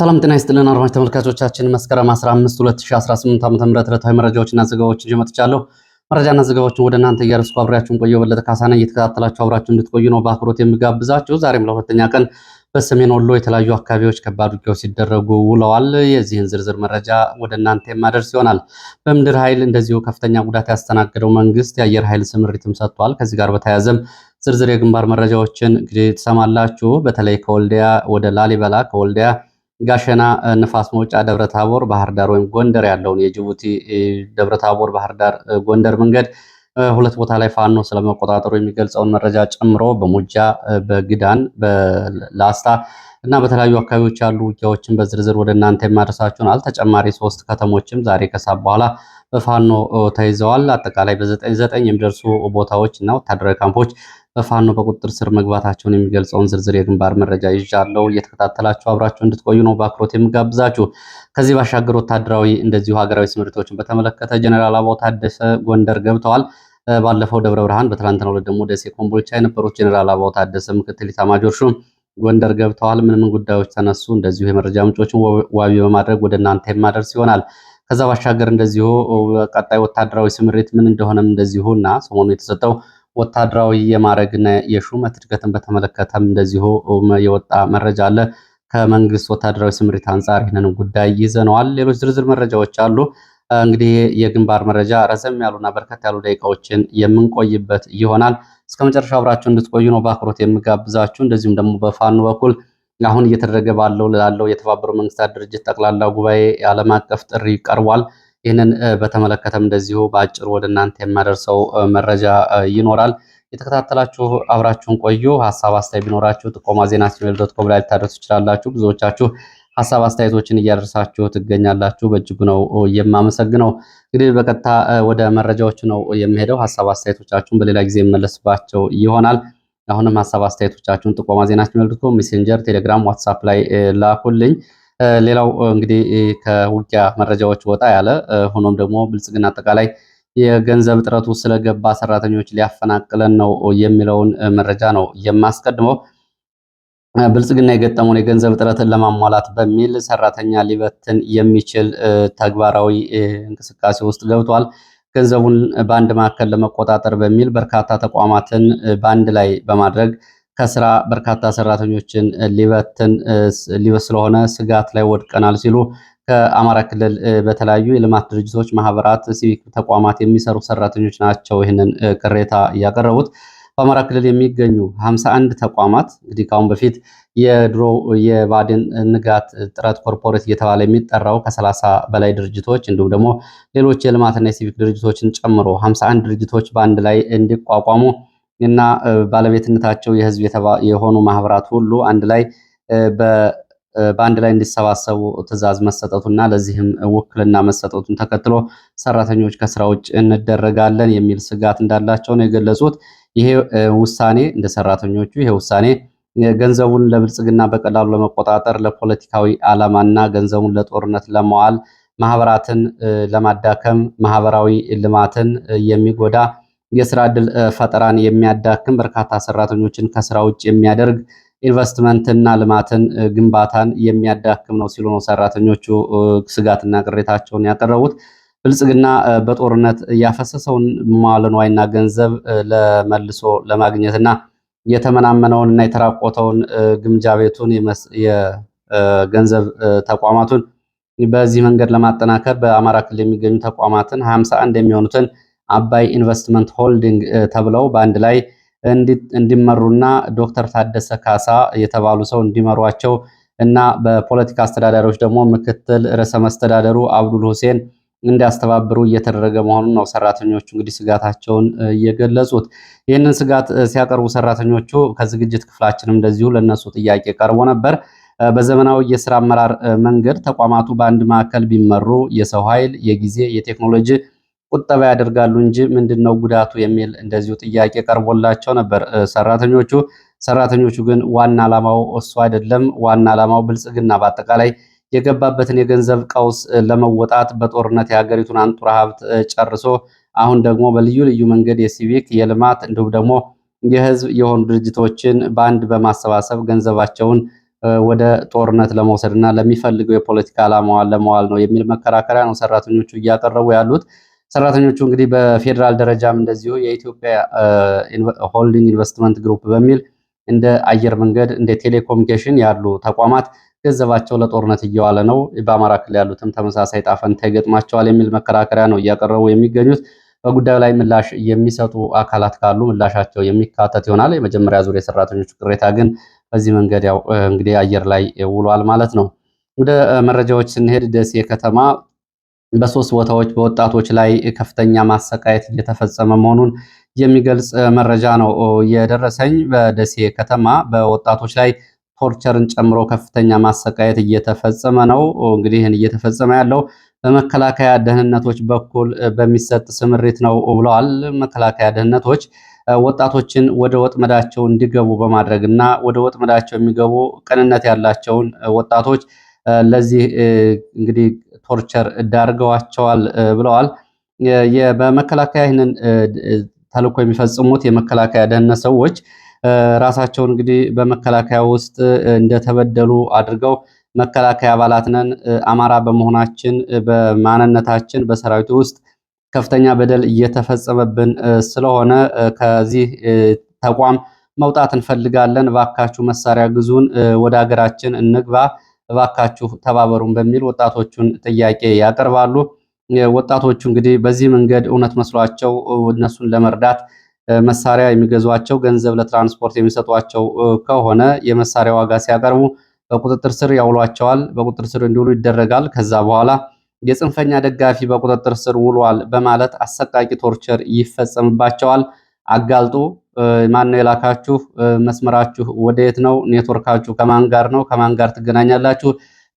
ሰላም ጤና ይስጥልን አድማጭ ተመልካቾቻችን፣ መስከረም 15 2018 ዓ.ም ዕለታዊ መረጃዎችና ዘገባዎችን ይዤ መጥቻለሁ። መረጃና ዘገባዎችን ወደ እናንተ እያደረስኩ አብሬያችሁን ቆየሁ። በለጠ ካሳና እየተከታተላችሁ አብራችሁ እንድትቆዩ ነው በአክብሮት የምጋብዛችሁ። ዛሬም ለሁለተኛ ቀን በሰሜን ወሎ የተለያዩ አካባቢዎች ከባድ ውጊያዎች ሲደረጉ ውለዋል። የዚህን ዝርዝር መረጃ ወደ እናንተ የማደርስ ይሆናል። በምድር ኃይል እንደዚሁ ከፍተኛ ጉዳት ያስተናገደው መንግስት የአየር ኃይል ስምሪትም ሰጥቷል። ከዚህ ጋር በተያያዘም ዝርዝር የግንባር መረጃዎችን እንግዲህ ትሰማላችሁ። በተለይ ከወልዲያ ወደ ላሊበላ ከወልዲያ ጋሸና፣ ንፋስ መውጫ፣ ደብረ ታቦር፣ ባህር ዳር ወይም ጎንደር ያለውን የጅቡቲ ደብረ ታቦር፣ ባህር ዳር፣ ጎንደር መንገድ ሁለት ቦታ ላይ ፋኖ ስለመቆጣጠሩ የሚገልጸውን መረጃ ጨምሮ በሙጃ፣ በግዳን፣ በላስታ እና በተለያዩ አካባቢዎች ያሉ ውጊያዎችን በዝርዝር ወደ እናንተ የማድረሳችሁናል። ተጨማሪ ሶስት ከተሞችም ዛሬ ከሳብ በኋላ በፋኖ ተይዘዋል። አጠቃላይ በዘጠኝ ዘጠኝ የሚደርሱ ቦታዎች እና ወታደራዊ ካምፖች በፋኖ በቁጥጥር ስር መግባታቸውን የሚገልጸውን ዝርዝር የግንባር መረጃ ይዣለሁ። እየተከታተላችሁ አብራችሁ እንድትቆዩ ነው በአክብሮት የምጋብዛችሁ። ከዚህ ባሻገር ወታደራዊ እንደዚሁ ሀገራዊ ስምሪቶችን በተመለከተ ጀኔራል አበባው ታደሰ ጎንደር ገብተዋል። ባለፈው ደብረ ብርሃን፣ በትናንትናው ዕለት ደግሞ ደሴ፣ ኮምቦልቻ የነበሩት ጀኔራል አበባው ታደሰ ምክትል ኢታማጆር ሹም ጎንደር ገብተዋል። ምንምን ጉዳዮች ተነሱ? እንደዚሁ የመረጃ ምንጮችን ዋቢ በማድረግ ወደ እናንተ የማደርስ ይሆናል። ከዛ ባሻገር እንደዚሁ ቀጣይ ወታደራዊ ስምሪት ምን እንደሆነም እንደዚሁ እና ሰሞኑ የተሰጠው ወታደራዊ የማዕረግና የሹመት እድገትን በተመለከተም እንደዚሁ የወጣ መረጃ አለ። ከመንግስት ወታደራዊ ስምሪት አንጻር ይህንንም ጉዳይ ይዘነዋል። ሌሎች ዝርዝር መረጃዎች አሉ። እንግዲህ የግንባር መረጃ ረዘም ያሉና በርከት ያሉ ደቂቃዎችን የምንቆይበት ይሆናል። እስከ መጨረሻ አብራችሁ እንድትቆዩ ነው በአክብሮት የምጋብዛችሁ። እንደዚሁም ደግሞ በፋኑ በኩል አሁን እየተደረገ ባለው ላለው የተባበሩ መንግስታት ድርጅት ጠቅላላ ጉባኤ የዓለም አቀፍ ጥሪ ቀርቧል። ይህንን በተመለከተም እንደዚሁ በአጭሩ ወደ እናንተ የማደርሰው መረጃ ይኖራል። የተከታተላችሁ አብራችሁን ቆዩ። ሀሳብ አስተያየት ቢኖራችሁ ጥቆማ ዜና ጂሜል ዶት ኮም ላይ ልታደርሱ ትችላላችሁ። ብዙዎቻችሁ ሀሳብ አስተያየቶችን እያደረሳችሁ ትገኛላችሁ። በእጅጉ ነው የማመሰግነው። እንግዲህ በቀጥታ ወደ መረጃዎች ነው የሚሄደው። ሀሳብ አስተያየቶቻችሁን በሌላ ጊዜ የመለስባቸው ይሆናል። አሁንም ሀሳብ አስተያየቶቻችሁን ጥቆማ ዜና ጂሜል ዶት ኮም፣ ሜሴንጀር፣ ቴሌግራም፣ ዋትሳፕ ላይ ላኩልኝ። ሌላው እንግዲህ ከውጊያ መረጃዎች ወጣ ያለ ሆኖም ደግሞ ብልጽግና አጠቃላይ የገንዘብ እጥረቱ ስለገባ ሰራተኞች ሊያፈናቅለን ነው የሚለውን መረጃ ነው የማስቀድመው። ብልጽግና የገጠመውን የገንዘብ እጥረትን ለማሟላት በሚል ሰራተኛ ሊበትን የሚችል ተግባራዊ እንቅስቃሴ ውስጥ ገብቷል። ገንዘቡን በአንድ ማዕከል ለመቆጣጠር በሚል በርካታ ተቋማትን በአንድ ላይ በማድረግ ከስራ በርካታ ሰራተኞችን ሊበትን ስለሆነ ስጋት ላይ ወድቀናል ሲሉ ከአማራ ክልል በተለያዩ የልማት ድርጅቶች፣ ማህበራት፣ ሲቪክ ተቋማት የሚሰሩ ሰራተኞች ናቸው ይህንን ቅሬታ ያቀረቡት። በአማራ ክልል የሚገኙ 51 ተቋማት እንግዲህ ከአሁን በፊት የድሮ የባድን ንጋት ጥረት ኮርፖሬት እየተባለ የሚጠራው ከ30 በላይ ድርጅቶች እንዲሁም ደግሞ ሌሎች የልማትና የሲቪክ ድርጅቶችን ጨምሮ 51 ድርጅቶች በአንድ ላይ እንዲቋቋሙ እና ባለቤትነታቸው የህዝብ የሆኑ ማህበራት ሁሉ አንድ ላይ በአንድ ላይ እንዲሰባሰቡ ትዕዛዝ መሰጠቱና ለዚህም ውክልና መሰጠቱን ተከትሎ ሰራተኞች ከስራ ውጭ እንደረጋለን የሚል ስጋት እንዳላቸው ነው የገለጹት። ይሄ ውሳኔ እንደ ሰራተኞቹ ይሄ ውሳኔ ገንዘቡን ለብልጽግና በቀላሉ ለመቆጣጠር ለፖለቲካዊ ዓላማና ገንዘቡን ለጦርነት ለመዋል ማህበራትን ለማዳከም ማህበራዊ ልማትን የሚጎዳ የስራ ዕድል ፈጠራን የሚያዳክም በርካታ ሰራተኞችን ከስራ ውጭ የሚያደርግ ኢንቨስትመንትና ልማትን ግንባታን የሚያዳክም ነው ሲሉ ነው ሰራተኞቹ ስጋትና ቅሬታቸውን ያቀረቡት። ብልጽግና በጦርነት ያፈሰሰውን መዋለ ንዋይና ገንዘብ ለመልሶ ለማግኘትና የተመናመነውን እና የተራቆተውን ግምጃ ቤቱን የገንዘብ ተቋማቱን በዚህ መንገድ ለማጠናከር በአማራ ክልል የሚገኙ ተቋማትን ሀምሳ አንድ የሚሆኑትን አባይ ኢንቨስትመንት ሆልዲንግ ተብለው በአንድ ላይ እንዲመሩና ዶክተር ታደሰ ካሳ የተባሉ ሰው እንዲመሯቸው እና በፖለቲካ አስተዳዳሪዎች ደግሞ ምክትል ርዕሰ መስተዳደሩ አብዱል ሁሴን እንዲያስተባብሩ እየተደረገ መሆኑን ነው ሰራተኞቹ እንግዲህ ስጋታቸውን እየገለጹት። ይህንን ስጋት ሲያቀርቡ ሰራተኞቹ ከዝግጅት ክፍላችንም እንደዚሁ ለእነሱ ጥያቄ ቀርቦ ነበር። በዘመናዊ የስራ አመራር መንገድ ተቋማቱ በአንድ ማዕከል ቢመሩ የሰው ኃይል፣ የጊዜ፣ የቴክኖሎጂ ቁጠባ ያደርጋሉ እንጂ ምንድን ነው ጉዳቱ የሚል እንደዚሁ ጥያቄ ቀርቦላቸው ነበር ሰራተኞቹ። ሰራተኞቹ ግን ዋና ዓላማው እሱ አይደለም። ዋና ዓላማው ብልጽግና በአጠቃላይ የገባበትን የገንዘብ ቀውስ ለመወጣት በጦርነት የሀገሪቱን አንጡራ ሀብት ጨርሶ አሁን ደግሞ በልዩ ልዩ መንገድ የሲቪክ የልማት እንዲሁም ደግሞ የህዝብ የሆኑ ድርጅቶችን በአንድ በማሰባሰብ ገንዘባቸውን ወደ ጦርነት ለመውሰድ እና ለሚፈልገው የፖለቲካ ዓላማዋን ለመዋል ነው የሚል መከራከሪያ ነው ሰራተኞቹ እያቀረቡ ያሉት። ሰራተኞቹ እንግዲህ በፌዴራል ደረጃም እንደዚሁ የኢትዮጵያ ሆልዲንግ ኢንቨስትመንት ግሩፕ በሚል እንደ አየር መንገድ እንደ ቴሌኮሙኒኬሽን ያሉ ተቋማት ገንዘባቸው ለጦርነት እየዋለ ነው፣ በአማራ ክልል ያሉትም ተመሳሳይ ጣፈንታ ይገጥማቸዋል የሚል መከራከሪያ ነው እያቀረቡ የሚገኙት። በጉዳዩ ላይ ምላሽ የሚሰጡ አካላት ካሉ ምላሻቸው የሚካተት ይሆናል። የመጀመሪያ ዙር የሰራተኞቹ ቅሬታ ግን በዚህ መንገድ ያው እንግዲህ አየር ላይ ውሏል ማለት ነው። ወደ መረጃዎች ስንሄድ ደሴ ከተማ በሶስት ቦታዎች በወጣቶች ላይ ከፍተኛ ማሰቃየት እየተፈጸመ መሆኑን የሚገልጽ መረጃ ነው የደረሰኝ። በደሴ ከተማ በወጣቶች ላይ ቶርቸርን ጨምሮ ከፍተኛ ማሰቃየት እየተፈጸመ ነው። እንግዲህ ይህን እየተፈጸመ ያለው በመከላከያ ደህንነቶች በኩል በሚሰጥ ስምሪት ነው ብለዋል። መከላከያ ደህንነቶች ወጣቶችን ወደ ወጥመዳቸው እንዲገቡ በማድረግ እና ወደ ወጥመዳቸው የሚገቡ ቅንነት ያላቸውን ወጣቶች ለዚህ እንግዲህ ቶርቸር ዳርገዋቸዋል ብለዋል። በመከላከያ ይህንን ተልእኮ የሚፈጽሙት የመከላከያ ደህንነት ሰዎች ራሳቸውን እንግዲህ በመከላከያ ውስጥ እንደተበደሉ አድርገው መከላከያ አባላት ነን፣ አማራ በመሆናችን በማንነታችን በሰራዊቱ ውስጥ ከፍተኛ በደል እየተፈጸመብን ስለሆነ ከዚህ ተቋም መውጣት እንፈልጋለን፣ እባካችሁ መሳሪያ ግዙን፣ ወደ ሀገራችን እንግባ እባካችሁ ተባበሩን በሚል ወጣቶቹን ጥያቄ ያቀርባሉ። ወጣቶቹ እንግዲህ በዚህ መንገድ እውነት መስሏቸው እነሱን ለመርዳት መሳሪያ የሚገዟቸው ገንዘብ ለትራንስፖርት የሚሰጧቸው ከሆነ የመሳሪያ ዋጋ ሲያቀርቡ በቁጥጥር ስር ያውሏቸዋል። በቁጥጥር ስር እንዲውሉ ይደረጋል። ከዛ በኋላ የጽንፈኛ ደጋፊ በቁጥጥር ስር ውሏል በማለት አሰቃቂ ቶርቸር ይፈጸምባቸዋል። አጋልጦ ማን ነው የላካችሁ? መስመራችሁ ወደየት ነው? ኔትወርካችሁ ከማን ጋር ነው? ከማን ጋር ትገናኛላችሁ?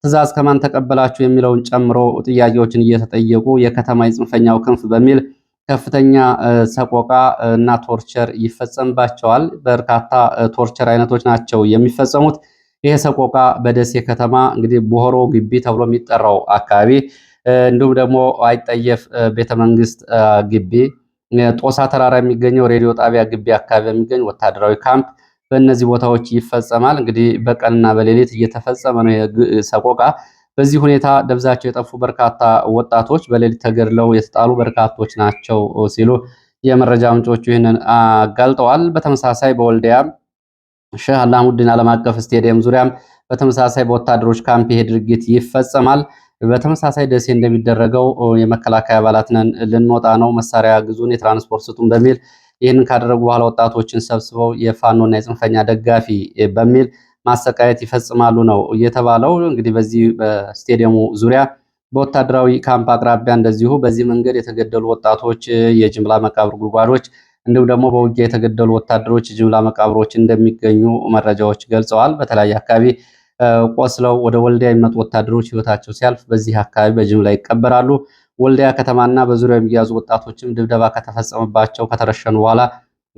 ትዕዛዝ ከማን ተቀበላችሁ? የሚለውን ጨምሮ ጥያቄዎችን እየተጠየቁ የከተማ የጽንፈኛው ክንፍ በሚል ከፍተኛ ሰቆቃ እና ቶርቸር ይፈጸምባቸዋል። በርካታ ቶርቸር አይነቶች ናቸው የሚፈጸሙት። ይሄ ሰቆቃ በደሴ ከተማ እንግዲህ ቦሆሮ ግቢ ተብሎ የሚጠራው አካባቢ እንዲሁም ደግሞ አይጠየፍ ቤተመንግስት ግቢ ጦሳ ተራራ የሚገኘው ሬዲዮ ጣቢያ ግቢ አካባቢ የሚገኝ ወታደራዊ ካምፕ በእነዚህ ቦታዎች ይፈጸማል። እንግዲህ በቀንና በሌሊት እየተፈጸመ ነው ሰቆቃ። በዚህ ሁኔታ ደብዛቸው የጠፉ በርካታ ወጣቶች በሌሊት ተገድለው የተጣሉ በርካቶች ናቸው ሲሉ የመረጃ ምንጮቹ ይህንን አጋልጠዋል። በተመሳሳይ በወልዲያ ሼህ አላሙዲን ዓለም አቀፍ ስቴዲየም ዙሪያም በተመሳሳይ በወታደሮች ካምፕ ይሄ ድርጊት ይፈጸማል። በተመሳሳይ ደሴ እንደሚደረገው የመከላከያ አባላት ነን ልንወጣ ነው፣ መሳሪያ ግዙን፣ የትራንስፖርት ስጡን በሚል ይህንን ካደረጉ በኋላ ወጣቶችን ሰብስበው የፋኖና የጽንፈኛ ደጋፊ በሚል ማሰቃየት ይፈጽማሉ ነው እየተባለው። እንግዲህ በዚህ በስቴዲየሙ ዙሪያ በወታደራዊ ካምፕ አቅራቢያ እንደዚሁ በዚህ መንገድ የተገደሉ ወጣቶች የጅምላ መቃብር ጉድጓዶች እንዲሁም ደግሞ በውጊያ የተገደሉ ወታደሮች ጅምላ መቃብሮች እንደሚገኙ መረጃዎች ገልጸዋል። በተለያየ አካባቢ ቆስለው ወደ ወልዲያ የሚመጡ ወታደሮች ህይወታቸው ሲያልፍ በዚህ አካባቢ በጅምላ ይቀበራሉ። ወልዲያ ከተማና በዙሪያው የሚያዙ ወጣቶችም ድብደባ ከተፈጸመባቸው ከተረሸኑ በኋላ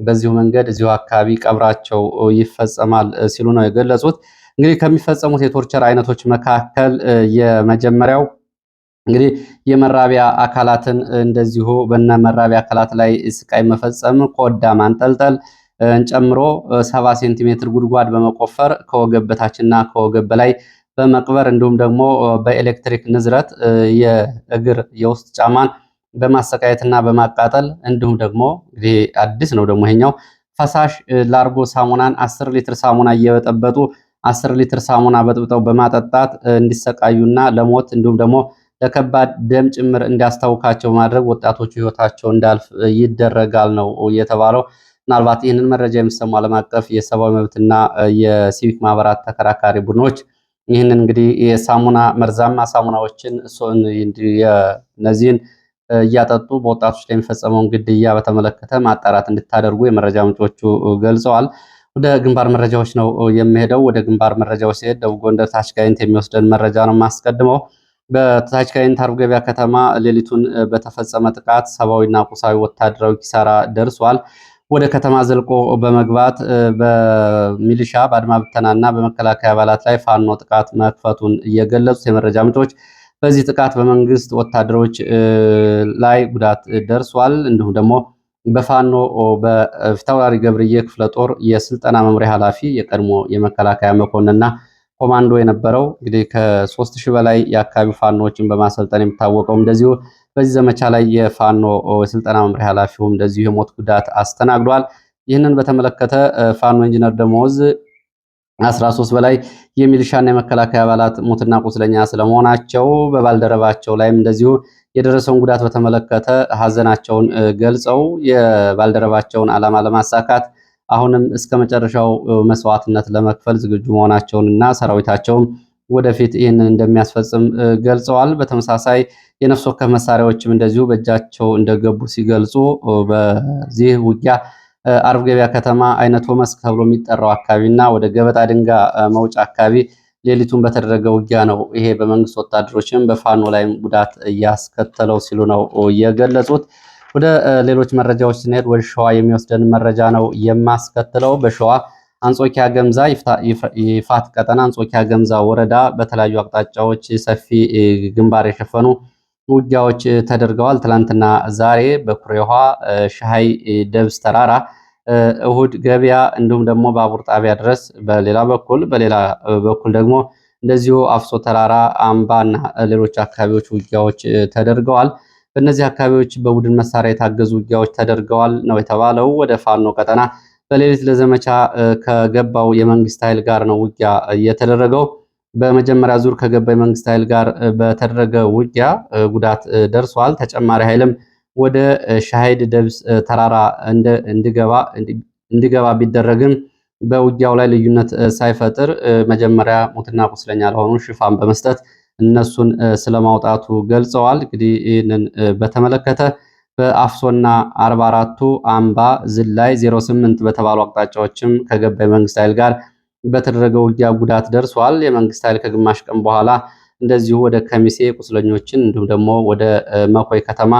በዚሁ መንገድ እዚሁ አካባቢ ቀብራቸው ይፈጸማል ሲሉ ነው የገለጹት። እንግዲህ ከሚፈጸሙት የቶርቸር አይነቶች መካከል የመጀመሪያው እንግዲህ የመራቢያ አካላትን እንደዚሁ በነ መራቢያ አካላት ላይ ስቃይ መፈጸም፣ ቆዳ ማንጠልጠል ጨምሮ ሰባ ሴንቲሜትር ጉድጓድ በመቆፈር ከወገብ በታችና ከወገብ በላይ በመቅበር እንዲሁም ደግሞ በኤሌክትሪክ ንዝረት የእግር የውስጥ ጫማን በማሰቃየትና በማቃጠል እንዲሁም ደግሞ እንግዲህ አዲስ ነው ደግሞ ይሄኛው ፈሳሽ ላርጎ ሳሙናን አስር ሊትር ሳሙና እየበጠበጡ አስር ሊትር ሳሙና በጥብጠው በማጠጣት እንዲሰቃዩና ለሞት እንዲሁም ደግሞ ለከባድ ደም ጭምር እንዲያስታውካቸው ማድረግ ወጣቶቹ ህይወታቸው እንዳልፍ ይደረጋል ነው የተባለው። ምናልባት ይህንን መረጃ የሚሰሙ ዓለም አቀፍ የሰብአዊ መብትና የሲቪክ ማህበራት ተከራካሪ ቡድኖች ይህንን እንግዲህ የሳሙና መርዛማ ሳሙናዎችን እነዚህን እያጠጡ በወጣቶች ላይ የሚፈጸመውን ግድያ በተመለከተ ማጣራት እንድታደርጉ የመረጃ ምንጮቹ ገልጸዋል። ወደ ግንባር መረጃዎች ነው የሚሄደው። ወደ ግንባር መረጃዎች ሲሄድ ደቡብ ጎንደር ታች ጋይንት የሚወስደን መረጃ ነው የማስቀድመው። በታች ጋይንት አርብ ገበያ ከተማ ሌሊቱን በተፈጸመ ጥቃት ሰብአዊና ቁሳዊ ወታደራዊ ኪሳራ ደርሷል። ወደ ከተማ ዘልቆ በመግባት በሚሊሻ በአድማ ብተናና በመከላከያ አባላት ላይ ፋኖ ጥቃት መክፈቱን እየገለጹት የመረጃ ምንጮች በዚህ ጥቃት በመንግስት ወታደሮች ላይ ጉዳት ደርሷል። እንዲሁም ደግሞ በፋኖ በፊታውራሪ ገብርዬ ክፍለ ጦር የስልጠና መምሪያ ኃላፊ የቀድሞ የመከላከያ መኮንንና ኮማንዶ የነበረው እንግዲህ ከሶስት ሺህ በላይ የአካባቢው ፋኖዎችን በማሰልጠን የሚታወቀው እንደዚሁ በዚህ ዘመቻ ላይ የፋኖ የስልጠና መምሪያ ኃላፊውም እንደዚሁ የሞት ጉዳት አስተናግዷል። ይህንን በተመለከተ ፋኖ ኢንጂነር ደሞዝ 13 በላይ የሚሊሻና የመከላከያ አባላት ሞትና ቁስለኛ ስለመሆናቸው በባልደረባቸው ላይም እንደዚሁ የደረሰውን ጉዳት በተመለከተ ሀዘናቸውን ገልጸው የባልደረባቸውን ዓላማ ለማሳካት አሁንም እስከ መጨረሻው መስዋዕትነት ለመክፈል ዝግጁ መሆናቸውንና ሰራዊታቸውም ወደፊት ይህንን እንደሚያስፈጽም ገልጸዋል። በተመሳሳይ የነፍስ ወከፍ መሳሪያዎችም እንደዚሁ በእጃቸው እንደገቡ ሲገልጹ በዚህ ውጊያ አርብ ገበያ ከተማ አይነት መስክ ተብሎ የሚጠራው አካባቢና ወደ ገበጣ ድንጋ መውጫ አካባቢ ሌሊቱን በተደረገ ውጊያ ነው። ይሄ በመንግስት ወታደሮችም በፋኖ ላይም ጉዳት እያስከተለው ሲሉ ነው የገለጹት። ወደ ሌሎች መረጃዎች ስንሄድ ወደ ሸዋ የሚወስደን መረጃ ነው የማስከትለው በሸዋ አንጾኪያ ገምዛ ይፋት ቀጠና አንጾኪያ ገምዛ ወረዳ በተለያዩ አቅጣጫዎች ሰፊ ግንባር የሸፈኑ ውጊያዎች ተደርገዋል። ትላንትና ዛሬ በኩሬኋ ሻሃይ ደብስ ተራራ፣ እሁድ ገበያ እንዲሁም ደግሞ ባቡር ጣቢያ ድረስ በሌላ በኩል በሌላ በኩል ደግሞ እንደዚሁ አፍሶ ተራራ አምባ እና ሌሎች አካባቢዎች ውጊያዎች ተደርገዋል። በእነዚህ አካባቢዎች በቡድን መሳሪያ የታገዙ ውጊያዎች ተደርገዋል ነው የተባለው። ወደ ፋኖ ቀጠና በሌሊት ለዘመቻ ከገባው የመንግስት ኃይል ጋር ነው ውጊያ የተደረገው። በመጀመሪያ ዙር ከገባ የመንግስት ኃይል ጋር በተደረገ ውጊያ ጉዳት ደርሷል። ተጨማሪ ኃይልም ወደ ሻሂድ ደብስ ተራራ እንዲገባ ቢደረግም በውጊያው ላይ ልዩነት ሳይፈጥር መጀመሪያ ሙትና ቁስለኛ ለሆኑ ሽፋን በመስጠት እነሱን ስለማውጣቱ ገልጸዋል። እንግዲህ ይህንን በተመለከተ በአፍሶና 44ቱ አምባ ዝላይ 08 በተባሉ አቅጣጫዎችም ከገባ የመንግስት ኃይል ጋር በተደረገ ውጊያ ጉዳት ደርሷል። የመንግስት ኃይል ከግማሽ ቀን በኋላ እንደዚሁ ወደ ከሚሴ ቁስለኞችን እንዲሁም ደግሞ ወደ መኮይ ከተማ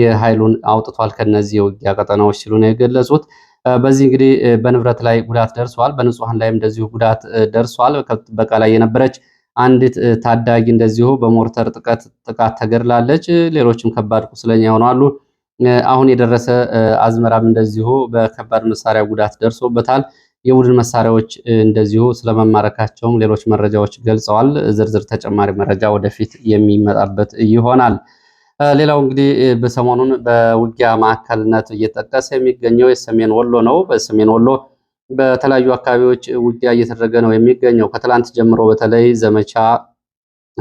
የኃይሉን አውጥቷል። ከነዚህ የውጊያ ቀጠናዎች ሲሉ ነው የገለጹት። በዚህ እንግዲህ በንብረት ላይ ጉዳት ደርሷል። በንጹሐን ላይም እንደዚሁ ጉዳት ደርሷል። በቃ ላይ የነበረች አንዲት ታዳጊ እንደዚሁ በሞርተር ጥቃት ተገድላለች። ሌሎችም ከባድ ቁስለኛ ይሆናሉ። አሁን የደረሰ አዝመራም እንደዚሁ በከባድ መሳሪያ ጉዳት ደርሶበታል። የቡድን መሳሪያዎች እንደዚሁ ስለመማረካቸውም ሌሎች መረጃዎች ገልጸዋል። ዝርዝር ተጨማሪ መረጃ ወደፊት የሚመጣበት ይሆናል። ሌላው እንግዲህ በሰሞኑን በውጊያ ማዕከልነት እየጠቀሰ የሚገኘው የሰሜን ወሎ ነው። በሰሜን ወሎ በተለያዩ አካባቢዎች ውጊያ እየተደረገ ነው የሚገኘው። ከትላንት ጀምሮ በተለይ ዘመቻ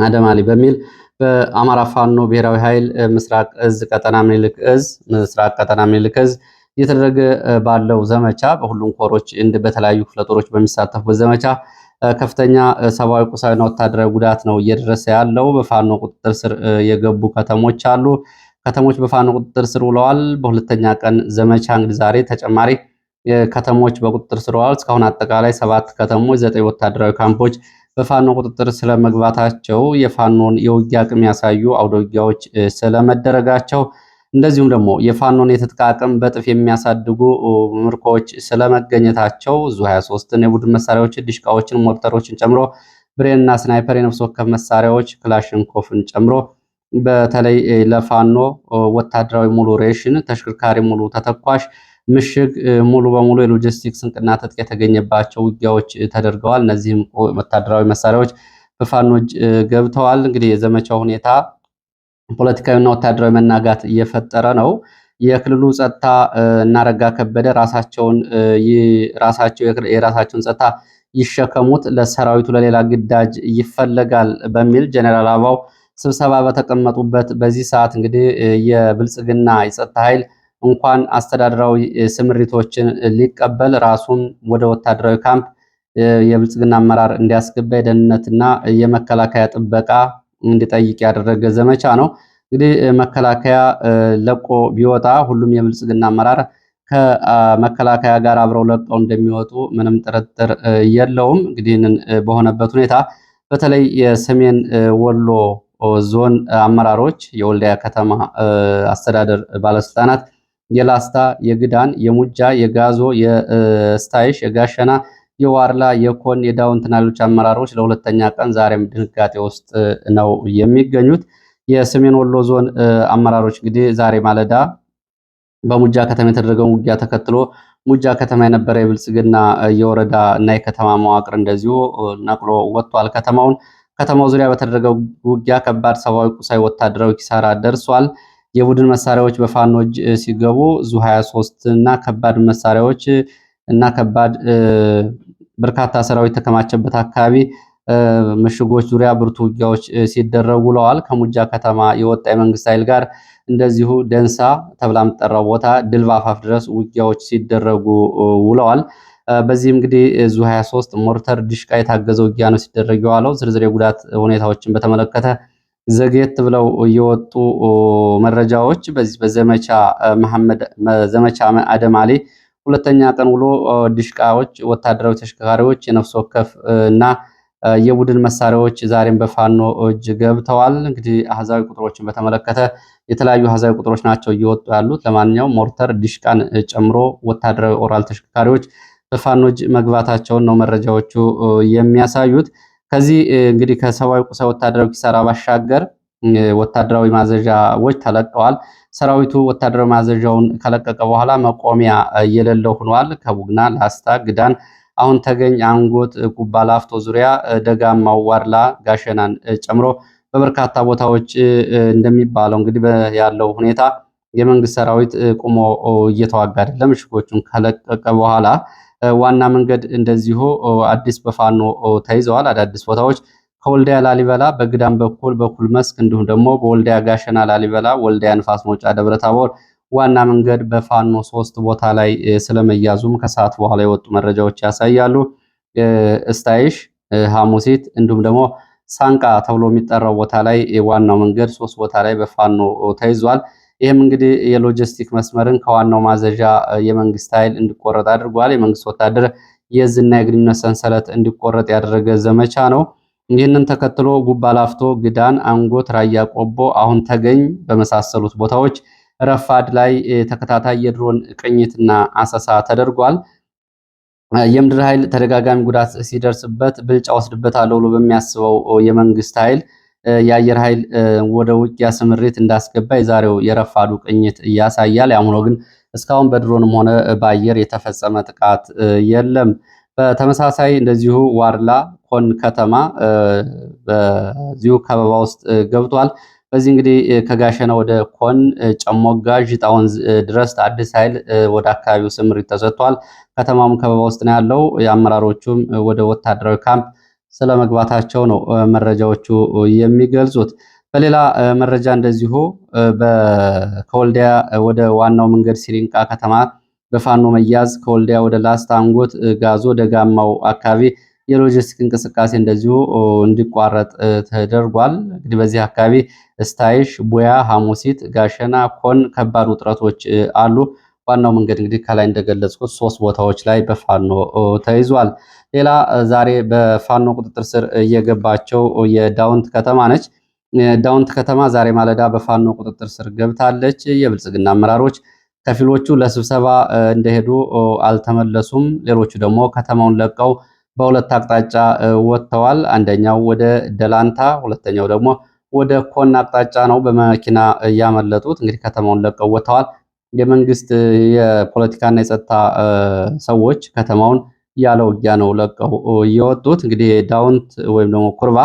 አደማሊ በሚል በአማራ ፋኖ ብሔራዊ ኃይል ምስራቅ እዝ ቀጠና ምኒልክ እዝ ምስራቅ ቀጠና ምኒልክ እዝ እየተደረገ ባለው ዘመቻ በሁሉም ኮሮች በተለያዩ ክፍለ ጦሮች በሚሳተፉበት ዘመቻ ከፍተኛ ሰብአዊ፣ ቁሳዊና ወታደራዊ ጉዳት ነው እየደረሰ ያለው። በፋኖ ቁጥጥር ስር የገቡ ከተሞች አሉ። ከተሞች በፋኖ ቁጥጥር ስር ውለዋል። በሁለተኛ ቀን ዘመቻ እንግዲህ ዛሬ ተጨማሪ ከተሞች በቁጥጥር ስር ውለዋል። እስካሁን አጠቃላይ ሰባት ከተሞች፣ ዘጠኝ ወታደራዊ ካምፖች በፋኖ ቁጥጥር ስለመግባታቸው፣ የፋኖን የውጊያ አቅም ያሳዩ አውደ ውጊያዎች ስለመደረጋቸው፣ እንደዚሁም ደግሞ የፋኖን የትጥቅ አቅም በጥፍ የሚያሳድጉ ምርኮዎች ስለመገኘታቸው ዙ 23ን የቡድን መሳሪያዎችን፣ ዲሽቃዎችን፣ ሞርተሮችን ጨምሮ ብሬንና ስናይፐር የነፍስ ወከፍ መሳሪያዎች ክላሽንኮፍን ጨምሮ በተለይ ለፋኖ ወታደራዊ ሙሉ ሬሽን፣ ተሽከርካሪ ሙሉ ተተኳሽ ምሽግ ሙሉ በሙሉ የሎጂስቲክስ ስንቅና ትጥቅ የተገኘባቸው ውጊያዎች ተደርገዋል። እነዚህም ወታደራዊ መሳሪያዎች በፋኖች ገብተዋል። እንግዲህ የዘመቻው ሁኔታ ፖለቲካዊና ወታደራዊ መናጋት እየፈጠረ ነው። የክልሉ ጸጥታ እናረጋ ከበደ ራሳቸውን የራሳቸውን ጸጥታ ይሸከሙት ለሰራዊቱ ለሌላ ግዳጅ ይፈለጋል በሚል ጀኔራል አበባው ስብሰባ በተቀመጡበት በዚህ ሰዓት እንግዲህ የብልጽግና የጸጥታ ኃይል እንኳን አስተዳደራዊ ስምሪቶችን ሊቀበል ራሱም ወደ ወታደራዊ ካምፕ የብልጽግና አመራር እንዲያስገባ የደህንነትና የመከላከያ ጥበቃ እንዲጠይቅ ያደረገ ዘመቻ ነው። እንግዲህ መከላከያ ለቆ ቢወጣ ሁሉም የብልጽግና አመራር ከመከላከያ ጋር አብረው ለቀው እንደሚወጡ ምንም ጥርጥር የለውም። እንግዲህ በሆነበት ሁኔታ በተለይ የሰሜን ወሎ ዞን አመራሮች፣ የወልዲያ ከተማ አስተዳደር ባለስልጣናት የላስታ፣ የግዳን፣ የሙጃ፣ የጋዞ፣ የስታይሽ፣ የጋሸና፣ የዋርላ፣ የኮን፣ የዳውንትና ሌሎች አመራሮች ለሁለተኛ ቀን ዛሬም ድንጋጤ ውስጥ ነው የሚገኙት። የሰሜን ወሎ ዞን አመራሮች እንግዲህ ዛሬ ማለዳ በሙጃ ከተማ የተደረገውን ውጊያ ተከትሎ ሙጃ ከተማ የነበረ የብልጽግና የወረዳ እና የከተማ መዋቅር እንደዚሁ ነቅሎ ወጥቷል። ከተማውን ከተማው ዙሪያ በተደረገው ውጊያ ከባድ ሰብአዊ፣ ቁሳዊ፣ ወታደራዊ ኪሳራ ደርሷል። የቡድን መሳሪያዎች በፋኖ እጅ ሲገቡ ዙ 23 እና ከባድ መሳሪያዎች እና ከባድ በርካታ ሰራዊት ተከማቸበት አካባቢ ምሽጎች ዙሪያ ብርቱ ውጊያዎች ሲደረጉ ውለዋል። ከሙጃ ከተማ የወጣ የመንግስት ኃይል ጋር እንደዚሁ ደንሳ ተብላ የምትጠራው ቦታ ድልባ አፋፍ ድረስ ውጊያዎች ሲደረጉ ውለዋል። በዚህ እንግዲህ ዙ 23 ሞርተር ዲሽቃ የታገዘ ውጊያ ነው ሲደረግ የዋለው። ዝርዝር የጉዳት ሁኔታዎችን በተመለከተ ዘግየት ብለው የወጡ መረጃዎች በዚህ በዘመቻ መሐመድ ዘመቻ አደም ሁለተኛ ቀን ውሎ ዲሽቃዎች፣ ወታደራዊ ተሽከርካሪዎች፣ የነፍስ ወከፍ እና የቡድን መሳሪያዎች ዛሬም በፋኖ እጅ ገብተዋል። እንግዲህ አሃዛዊ ቁጥሮችን በተመለከተ የተለያዩ አሃዛዊ ቁጥሮች ናቸው እየወጡ ያሉት። ለማንኛውም ሞርተር ዲሽቃን ጨምሮ ወታደራዊ ኦራል ተሽከርካሪዎች በፋኖ እጅ መግባታቸውን ነው መረጃዎቹ የሚያሳዩት። ከዚህ እንግዲህ ከሰብአዊ ቁሳዊ ወታደራዊ ኪሳራ ባሻገር ወታደራዊ ማዘዣዎች ተለቀዋል። ሰራዊቱ ወታደራዊ ማዘዣውን ከለቀቀ በኋላ መቆሚያ የሌለው ሆኗል። ከቡግና ላስታ፣ ግዳን፣ አሁን ተገኝ፣ አንጎት፣ ጉባ ላፍቶ ዙሪያ፣ ደጋማው፣ ዋርላ ጋሸናን ጨምሮ በበርካታ ቦታዎች እንደሚባለው እንግዲህ ያለው ሁኔታ የመንግስት ሰራዊት ቁሞ እየተዋጋ አይደለም። ምሽጎቹን ከለቀቀ በኋላ ዋና መንገድ እንደዚሁ አዲስ በፋኖ ተይዘዋል። አዳዲስ ቦታዎች ከወልዲያ ላሊበላ በግዳም በኩል በኩል መስክ እንዲሁም ደግሞ በወልዲያ ጋሸና ላሊበላ፣ ወልዲያ ንፋስ መውጫ ደብረታቦር ዋና መንገድ በፋኖ ሶስት ቦታ ላይ ስለመያዙም ከሰዓት በኋላ የወጡ መረጃዎች ያሳያሉ። እስታይሽ ሐሙሲት እንዲሁም ደግሞ ሳንቃ ተብሎ የሚጠራው ቦታ ላይ ዋናው መንገድ ሶስት ቦታ ላይ በፋኖ ተይዟል። ይህም እንግዲህ የሎጂስቲክ መስመርን ከዋናው ማዘዣ የመንግስት ኃይል እንዲቆረጥ አድርጓል። የመንግስት ወታደር የዝና የግንኙነት ሰንሰለት እንዲቆረጥ ያደረገ ዘመቻ ነው። ይህንን ተከትሎ ጉባ ላፍቶ፣ ግዳን፣ አንጎት፣ ራያ ቆቦ፣ አሁን ተገኝ በመሳሰሉት ቦታዎች ረፋድ ላይ ተከታታይ የድሮን ቅኝትና አሰሳ ተደርጓል። የምድር ኃይል ተደጋጋሚ ጉዳት ሲደርስበት ብልጫ ወስድበታለሁ ብሎ በሚያስበው የመንግስት ኃይል የአየር ኃይል ወደ ውጊያ ስምሪት እንዳስገባ የዛሬው የረፋዱ ቅኝት ያሳያል። ያም ሆኖ ግን እስካሁን በድሮንም ሆነ በአየር የተፈጸመ ጥቃት የለም። በተመሳሳይ እንደዚሁ ዋርላ ኮን ከተማ በዚሁ ከበባ ውስጥ ገብቷል። በዚህ እንግዲህ ከጋሸና ወደ ኮን ጨሞጋ ዥጣ ወንዝ ድረስ አዲስ ኃይል ወደ አካባቢው ስምሪት ተሰጥቷል። ከተማውም ከበባ ውስጥ ነው ያለው። የአመራሮቹም ወደ ወታደራዊ ካምፕ ስለመግባታቸው ነው መረጃዎቹ የሚገልጹት። በሌላ መረጃ እንደዚሁ ከወልዲያ ወደ ዋናው መንገድ ሲሪንቃ ከተማ በፋኖ መያዝ፣ ከወልዲያ ወደ ላስታ አንጎት ጋዞ ደጋማው አካባቢ የሎጂስቲክ እንቅስቃሴ እንደዚሁ እንዲቋረጥ ተደርጓል። እንግዲህ በዚህ አካባቢ ስታይሽ፣ ቡያ፣ ሐሙሲት፣ ጋሸና፣ ኮን ከባድ ውጥረቶች አሉ። ዋናው መንገድ እንግዲህ ከላይ እንደገለጽኩት ሶስት ቦታዎች ላይ በፋኖ ተይዟል። ሌላ ዛሬ በፋኖ ቁጥጥር ስር እየገባቸው የዳውንት ከተማ ነች። ዳውንት ከተማ ዛሬ ማለዳ በፋኖ ቁጥጥር ስር ገብታለች። የብልጽግና አመራሮች ከፊሎቹ ለስብሰባ እንደሄዱ አልተመለሱም። ሌሎቹ ደግሞ ከተማውን ለቀው በሁለት አቅጣጫ ወጥተዋል። አንደኛው ወደ ደላንታ፣ ሁለተኛው ደግሞ ወደ ኮን አቅጣጫ ነው በመኪና ያመለጡት። እንግዲህ ከተማውን ለቀው ወጥተዋል። የመንግስት የፖለቲካና የጸጥታ ሰዎች ከተማውን ያለ ውጊያ ነው ለቀው የወጡት። እንግዲህ ዳውንት ወይም ደግሞ ኩርባ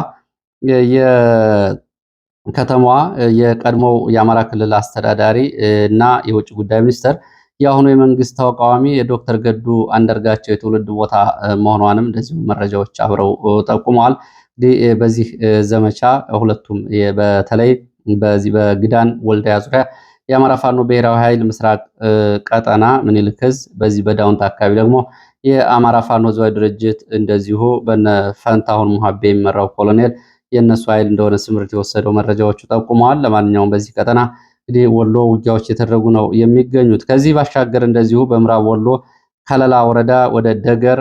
የከተማዋ የቀድሞው የአማራ ክልል አስተዳዳሪ እና የውጭ ጉዳይ ሚኒስትር የአሁኑ የመንግስት ተቃዋሚ የዶክተር ገዱ አንዳርጋቸው የትውልድ ቦታ መሆኗንም እንደዚሁ መረጃዎች አብረው ጠቁመዋል። በዚህ ዘመቻ ሁለቱም በተለይ በዚህ በግዳን ወልዳያ ዙሪያ የአማራ ፋኖ ብሔራዊ ኃይል ምስራቅ ቀጠና ምኒልክ ዕዝ፣ በዚህ በዳውንት አካባቢ ደግሞ የአማራ ፋኖ ህዝባዊ ድርጅት እንደዚሁ በነ ፈንታሁን ሙሀቤ የሚመራው ኮሎኔል የእነሱ ኃይል እንደሆነ ስምርት የወሰደው መረጃዎቹ ጠቁመዋል። ለማንኛውም በዚህ ቀጠና እንግዲህ ወሎ ውጊያዎች የተደረጉ ነው የሚገኙት። ከዚህ ባሻገር እንደዚሁ በምዕራብ ወሎ ከለላ ወረዳ ወደ ደገር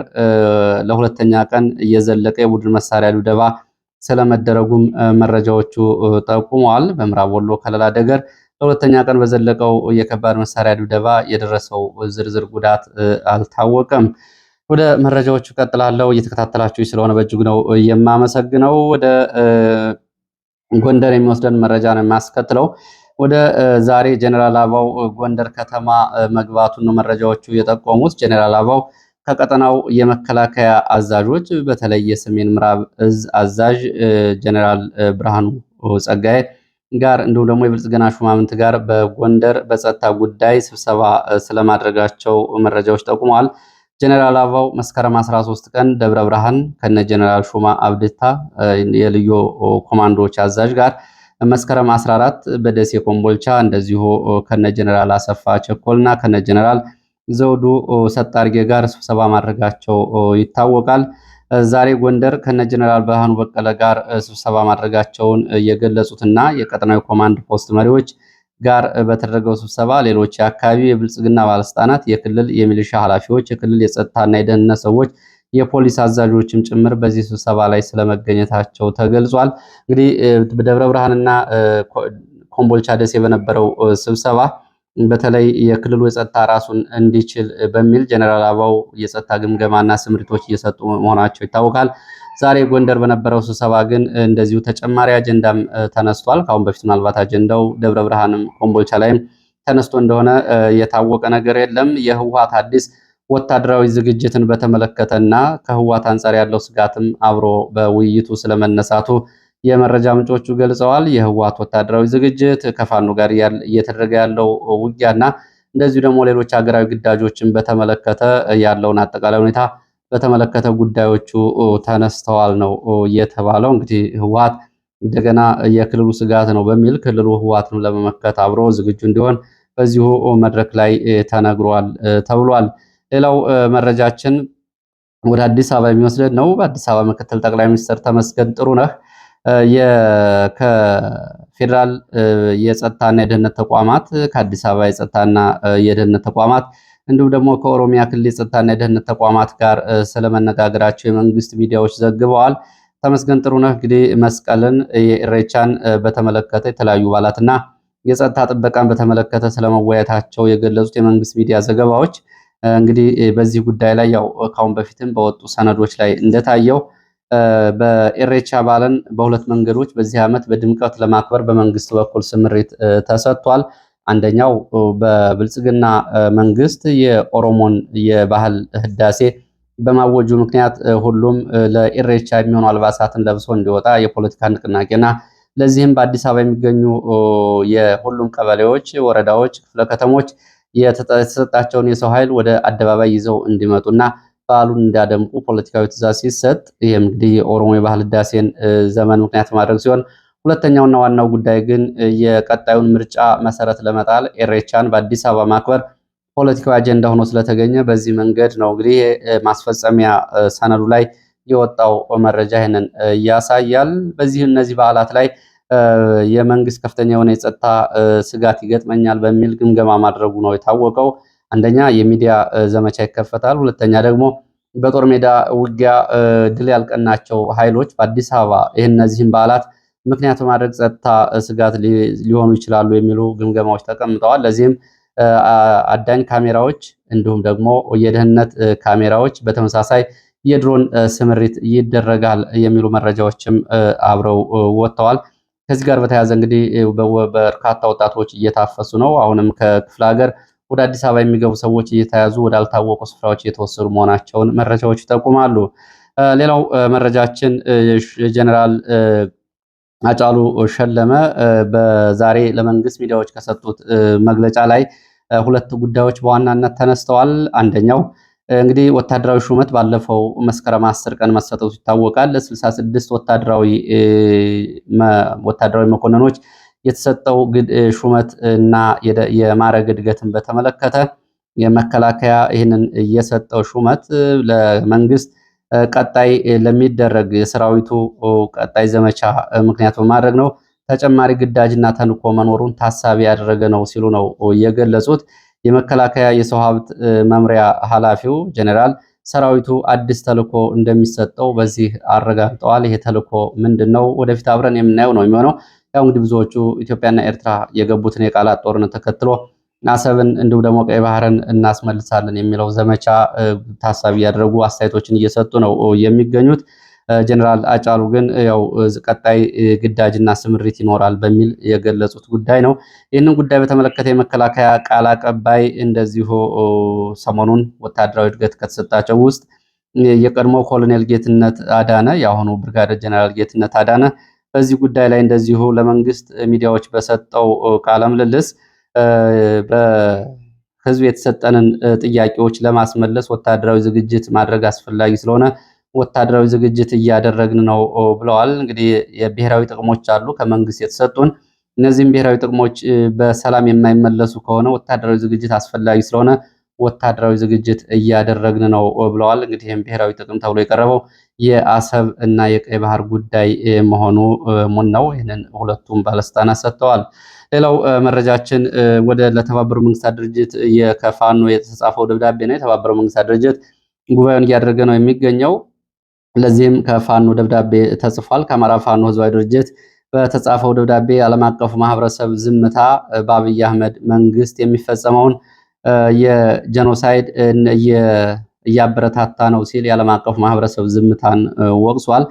ለሁለተኛ ቀን እየዘለቀ የቡድን መሳሪያ ድብደባ ስለመደረጉም መረጃዎቹ ጠቁመዋል። በምዕራብ ወሎ ከለላ ደገር ለሁለተኛ ቀን በዘለቀው የከባድ መሳሪያ ድብደባ የደረሰው ዝርዝር ጉዳት አልታወቀም። ወደ መረጃዎቹ ቀጥላለው። እየተከታተላችሁ ስለሆነ በእጅጉ ነው የማመሰግነው። ወደ ጎንደር የሚወስደን መረጃ ነው የማስከትለው። ወደ ዛሬ ጀኔራል አባው ጎንደር ከተማ መግባቱን ነው መረጃዎቹ የጠቆሙት። ጀኔራል አባው ከቀጠናው የመከላከያ አዛዦች በተለይ የሰሜን ምዕራብ እዝ አዛዥ ጀኔራል ብርሃኑ ጸጋዬ ጋር እንዲሁም ደግሞ የብልጽግና ሹማምንት ጋር በጎንደር በጸጥታ ጉዳይ ስብሰባ ስለማድረጋቸው መረጃዎች ጠቁመዋል። ጀኔራል አበባው መስከረም 13 ቀን ደብረ ብርሃን ከነ ጀነራል ሹማ አብድታ የልዩ ኮማንዶዎች አዛዥ ጋር መስከረም 14 በደሴ ኮምቦልቻ እንደዚሁ ከነ ጀኔራል አሰፋ ቸኮልና ከነ ጀኔራል ዘውዱ ሰጣርጌ ጋር ስብሰባ ማድረጋቸው ይታወቃል። ዛሬ ጎንደር ከነ ጀነራል ብርሃኑ በቀለ ጋር ስብሰባ ማድረጋቸውን የገለጹትና የቀጠናዊ ኮማንድ ፖስት መሪዎች ጋር በተደረገው ስብሰባ ሌሎች የአካባቢ የብልጽግና ባለስልጣናት፣ የክልል የሚሊሻ ኃላፊዎች፣ የክልል የጸጥታና የደህንነት ሰዎች የፖሊስ አዛዦችም ጭምር በዚህ ስብሰባ ላይ ስለመገኘታቸው ተገልጿል። እንግዲህ ደብረ ብርሃንና ኮምቦልቻ ደሴ በነበረው ስብሰባ በተለይ የክልሉ የጸጥታ ራሱን እንዲችል በሚል ጀነራል አበባው የጸጥታ ግምገማና ስምሪቶች እየሰጡ መሆናቸው ይታወቃል። ዛሬ ጎንደር በነበረው ስብሰባ ግን እንደዚሁ ተጨማሪ አጀንዳም ተነስቷል። ከአሁን በፊት ምናልባት አጀንዳው ደብረ ብርሃንም ኮምቦልቻ ላይም ተነስቶ እንደሆነ የታወቀ ነገር የለም። የህወሓት አዲስ ወታደራዊ ዝግጅትን በተመለከተና ከህወሓት አንጻር ያለው ስጋትም አብሮ በውይይቱ ስለመነሳቱ የመረጃ ምንጮቹ ገልጸዋል። የህወሓት ወታደራዊ ዝግጅት ከፋኖ ጋር እየተደረገ ያለው ውጊያና እንደዚሁ ደግሞ ሌሎች ሀገራዊ ግዳጆችን በተመለከተ ያለውን አጠቃላይ ሁኔታ በተመለከተ ጉዳዮቹ ተነስተዋል ነው የተባለው። እንግዲህ ህወሓት እንደገና የክልሉ ስጋት ነው በሚል ክልሉ ህወሓትን ለመመከት አብሮ ዝግጁ እንዲሆን በዚሁ መድረክ ላይ ተነግሯል ተብሏል። ሌላው መረጃችን ወደ አዲስ አበባ የሚወስደን ነው። በአዲስ አበባ ምክትል ጠቅላይ ሚኒስትር ተመስገን ጥሩነህ ከፌዴራል የጸጥታና የደህንነት ተቋማት ከአዲስ አበባ የጸጥታና የደህንነት ተቋማት እንዲሁም ደግሞ ከኦሮሚያ ክልል የጸጥታና የደህንነት ተቋማት ጋር ስለመነጋገራቸው የመንግስት ሚዲያዎች ዘግበዋል። ተመስገን ጥሩነህ እንግዲህ መስቀልን የኢሬቻን በተመለከተ የተለያዩ አባላትና የጸጥታ ጥበቃን በተመለከተ ስለመወያየታቸው የገለጹት የመንግስት ሚዲያ ዘገባዎች እንግዲህ በዚህ ጉዳይ ላይ ያው ካሁን በፊትም በወጡ ሰነዶች ላይ እንደታየው በኢሬቻ በዓልን በሁለት መንገዶች በዚህ ዓመት በድምቀት ለማክበር በመንግስት በኩል ስምሪት ተሰጥቷል። አንደኛው በብልጽግና መንግስት የኦሮሞን የባህል ህዳሴ በማወጁ ምክንያት ሁሉም ለኢሬቻ የሚሆኑ አልባሳትን ለብሶ እንዲወጣ የፖለቲካ ንቅናቄና ለዚህም በአዲስ አበባ የሚገኙ የሁሉም ቀበሌዎች፣ ወረዳዎች፣ ክፍለ ከተሞች የተሰጣቸውን የሰው ኃይል ወደ አደባባይ ይዘው እንዲመጡና በዓሉን እንዲያደምቁ ፖለቲካዊ ትእዛዝ ሲሰጥ ይህም እንግዲህ የኦሮሞ የባህል ህዳሴን ዘመን ምክንያት ማድረግ ሲሆን ሁለተኛውና ዋናው ጉዳይ ግን የቀጣዩን ምርጫ መሰረት ለመጣል ኤሬቻን በአዲስ አበባ ማክበር ፖለቲካዊ አጀንዳ ሆኖ ስለተገኘ በዚህ መንገድ ነው እንግዲህ ማስፈጸሚያ ሰነዱ ላይ የወጣው መረጃ ይህንን ያሳያል። በዚህ እነዚህ በዓላት ላይ የመንግስት ከፍተኛ የሆነ የጸጥታ ስጋት ይገጥመኛል በሚል ግምገማ ማድረጉ ነው የታወቀው። አንደኛ የሚዲያ ዘመቻ ይከፈታል። ሁለተኛ ደግሞ በጦር ሜዳ ውጊያ ድል ያልቀናቸው ኃይሎች በአዲስ አበባ ይህን እነዚህን በዓላት ምክንያት በማድረግ ጸጥታ ስጋት ሊሆኑ ይችላሉ የሚሉ ግምገማዎች ተቀምጠዋል። ለዚህም አዳኝ ካሜራዎች እንዲሁም ደግሞ የደህንነት ካሜራዎች በተመሳሳይ የድሮን ስምሪት ይደረጋል የሚሉ መረጃዎችም አብረው ወጥተዋል። ከዚህ ጋር በተያያዘ እንግዲህ በርካታ ወጣቶች እየታፈሱ ነው። አሁንም ከክፍለ ሀገር ወደ አዲስ አበባ የሚገቡ ሰዎች እየተያዙ ወዳልታወቁ ስፍራዎች እየተወሰዱ መሆናቸውን መረጃዎች ይጠቁማሉ። ሌላው መረጃችን ጀኔራል አጫሉ ሸለመ በዛሬ ለመንግስት ሚዲያዎች ከሰጡት መግለጫ ላይ ሁለት ጉዳዮች በዋናነት ተነስተዋል። አንደኛው እንግዲህ ወታደራዊ ሹመት ባለፈው መስከረም አስር ቀን መሰጠቱ ይታወቃል። ለስልሳ ስድስት ወታደራዊ መኮንኖች የተሰጠው ሹመት እና የማዕረግ እድገትን በተመለከተ የመከላከያ ይህንን የሰጠው ሹመት ለመንግስት ቀጣይ ለሚደረግ የሰራዊቱ ቀጣይ ዘመቻ ምክንያት በማድረግ ነው። ተጨማሪ ግዳጅና ተልዕኮ መኖሩን ታሳቢ ያደረገ ነው ሲሉ ነው የገለጹት። የመከላከያ የሰው ሀብት መምሪያ ኃላፊው ጀኔራል ሰራዊቱ አዲስ ተልዕኮ እንደሚሰጠው በዚህ አረጋግጠዋል። ይሄ ተልዕኮ ምንድን ነው? ወደፊት አብረን የምናየው ነው የሚሆነው። ያው እንግዲህ ብዙዎቹ ኢትዮጵያና ኤርትራ የገቡትን የቃላት ጦርነት ተከትሎ አሰብን እንዲሁም ደግሞ ቀይ ባህርን እናስመልሳለን የሚለው ዘመቻ ታሳቢ ያደረጉ አስተያየቶችን እየሰጡ ነው የሚገኙት። ጀኔራል አጫሉ ግን ያው ቀጣይ ግዳጅና ስምሪት ይኖራል በሚል የገለጹት ጉዳይ ነው። ይህንን ጉዳይ በተመለከተ የመከላከያ ቃል አቀባይ እንደዚሁ ሰሞኑን ወታደራዊ እድገት ከተሰጣቸው ውስጥ የቀድሞ ኮሎኔል ጌትነት አዳነ የአሁኑ ብርጋደር ጀኔራል ጌትነት አዳነ በዚህ ጉዳይ ላይ እንደዚሁ ለመንግስት ሚዲያዎች በሰጠው ቃለ ምልልስ በህዝብ የተሰጠንን ጥያቄዎች ለማስመለስ ወታደራዊ ዝግጅት ማድረግ አስፈላጊ ስለሆነ ወታደራዊ ዝግጅት እያደረግን ነው ብለዋል። እንግዲህ የብሔራዊ ጥቅሞች አሉ ከመንግስት የተሰጡን እነዚህም ብሔራዊ ጥቅሞች በሰላም የማይመለሱ ከሆነ ወታደራዊ ዝግጅት አስፈላጊ ስለሆነ ወታደራዊ ዝግጅት እያደረግን ነው ብለዋል። እንግዲህ ይህም ብሔራዊ ጥቅም ተብሎ የቀረበው የአሰብ እና የቀይ ባህር ጉዳይ መሆኑ ነው። ይህንን ሁለቱም ባለስልጣናት ሰጥተዋል። ሌላው መረጃችን ወደ ለተባበሩ መንግስታት ድርጅት የከፋኑ የተጻፈው ደብዳቤ ነው። የተባበሩ መንግስታት ድርጅት ጉባኤውን እያደረገ ነው የሚገኘው። ለዚህም ከፋኖ ደብዳቤ ተጽፏል። ከአማራ ፋኖ ህዝባዊ ድርጅት በተጻፈው ደብዳቤ ዓለም አቀፉ ማህበረሰብ ዝምታ በአብይ አህመድ መንግስት የሚፈጸመውን የጀኖሳይድ እያበረታታ ነው ሲል የዓለም አቀፉ ማህበረሰብ ዝምታን ወቅሷል።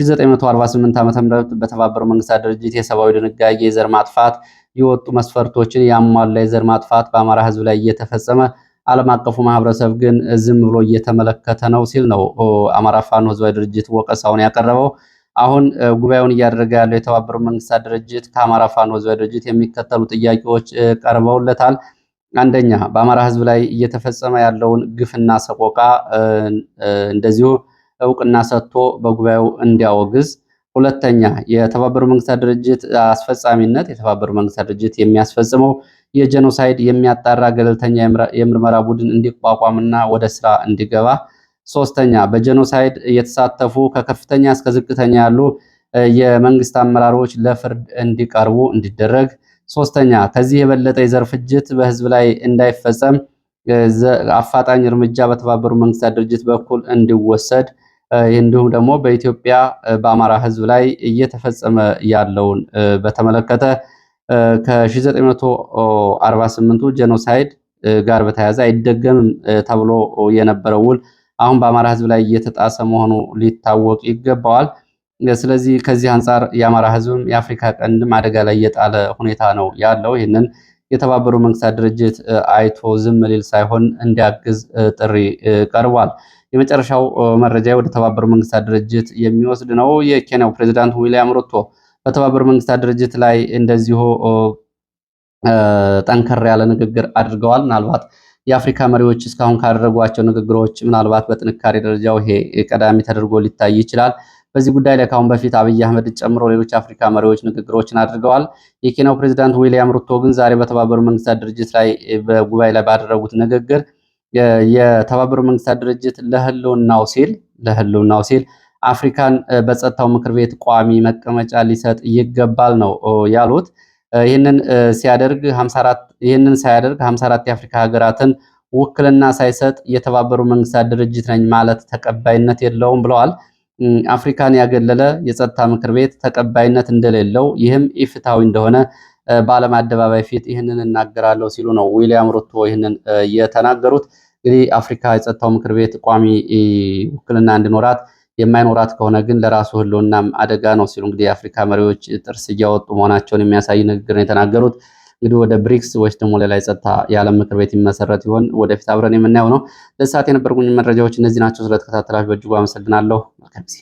1948 ዓ.ም በተባበሩት መንግስታት ድርጅት የሰብአዊ ድንጋጌ የዘር ማጥፋት የወጡ መስፈርቶችን ያሟላ የዘር ማጥፋት በአማራ ህዝብ ላይ እየተፈጸመ ዓለም አቀፉ ማህበረሰብ ግን ዝም ብሎ እየተመለከተ ነው ሲል ነው አማራ ፋኖ ህዝባዊ ድርጅት ወቀሳውን ያቀረበው። አሁን ጉባኤውን እያደረገ ያለው የተባበሩት መንግስታት ድርጅት ከአማራ ፋኖ ህዝባዊ ድርጅት የሚከተሉ ጥያቄዎች ቀርበውለታል። አንደኛ በአማራ ህዝብ ላይ እየተፈጸመ ያለውን ግፍና ሰቆቃ እንደዚሁ እውቅና ሰጥቶ በጉባኤው እንዲያወግዝ። ሁለተኛ የተባበሩ መንግስታት ድርጅት አስፈጻሚነት የተባበሩ መንግስታት ድርጅት የሚያስፈጽመው የጄኖሳይድ የሚያጣራ ገለልተኛ የምርመራ ቡድን እንዲቋቋምና ወደ ስራ እንዲገባ። ሶስተኛ በጄኖሳይድ የተሳተፉ ከከፍተኛ እስከ ዝቅተኛ ያሉ የመንግስት አመራሮች ለፍርድ እንዲቀርቡ እንዲደረግ ሶስተኛ ከዚህ የበለጠ የዘር ፍጅት በህዝብ ላይ እንዳይፈጸም አፋጣኝ እርምጃ በተባበሩ መንግስታት ድርጅት በኩል እንዲወሰድ እንዲሁም ደግሞ በኢትዮጵያ በአማራ ህዝብ ላይ እየተፈጸመ ያለውን በተመለከተ ከ 1948 ጄኖሳይድ ጋር በተያያዘ አይደገምም ተብሎ የነበረው ውል አሁን በአማራ ህዝብ ላይ እየተጣሰ መሆኑ ሊታወቅ ይገባዋል። ስለዚህ ከዚህ አንጻር የአማራ ህዝብም የአፍሪካ ቀንድም አደጋ ላይ የጣለ ሁኔታ ነው ያለው። ይህንን የተባበሩ መንግስታት ድርጅት አይቶ ዝም ሊል ሳይሆን እንዲያግዝ ጥሪ ቀርቧል። የመጨረሻው መረጃ ወደ ተባበሩ መንግስታት ድርጅት የሚወስድ ነው። የኬንያው ፕሬዚዳንት ዊሊያም ሩቶ በተባበሩ መንግስታት ድርጅት ላይ እንደዚሁ ጠንከር ያለ ንግግር አድርገዋል። ምናልባት የአፍሪካ መሪዎች እስካሁን ካደረጓቸው ንግግሮች ምናልባት በጥንካሬ ደረጃው ይሄ ቀዳሚ ተደርጎ ሊታይ ይችላል። በዚህ ጉዳይ ላይ ከአሁን በፊት አብይ አህመድን ጨምሮ ሌሎች አፍሪካ መሪዎች ንግግሮችን አድርገዋል። የኬንያው ፕሬዚዳንት ዊሊያም ሩቶ ግን ዛሬ በተባበሩ መንግስታት ድርጅት ላይ በጉባኤ ላይ ባደረጉት ንግግር የተባበሩ መንግስታት ድርጅት ለህልውናው ሲል ለህልውናው ሲል አፍሪካን በጸጥታው ምክር ቤት ቋሚ መቀመጫ ሊሰጥ ይገባል ነው ያሉት። ይህንን ሲያደርግ 54 ይህንን ሳያደርግ 54 የአፍሪካ ሀገራትን ውክልና ሳይሰጥ የተባበሩ መንግስታት ድርጅት ነኝ ማለት ተቀባይነት የለውም ብለዋል። አፍሪካን ያገለለ የጸጥታ ምክር ቤት ተቀባይነት እንደሌለው ይህም ኢፍትሐዊ እንደሆነ በዓለም አደባባይ ፊት ይህንን እናገራለሁ ሲሉ ነው ዊሊያም ሩቶ ይህንን የተናገሩት። እንግዲህ አፍሪካ የጸጥታው ምክር ቤት ቋሚ ውክልና እንዲኖራት የማይኖራት ከሆነ ግን ለራሱ ህልውናም አደጋ ነው ሲሉ እንግዲህ የአፍሪካ መሪዎች ጥርስ እያወጡ መሆናቸውን የሚያሳይ ንግግር ነው የተናገሩት። እንግዲህ ወደ ብሪክስ ወይስ ደግሞ ሌላ የጸጥታ የዓለም ምክር ቤት ይመሰረት ይሆን ወደፊት አብረን የምናየው ነው። ለሰዓት የነበርኩኝ መረጃዎች እነዚህ ናቸው። ስለተከታተላችሁ በእጅጉ አመሰግናለሁ። መልካም ጊዜ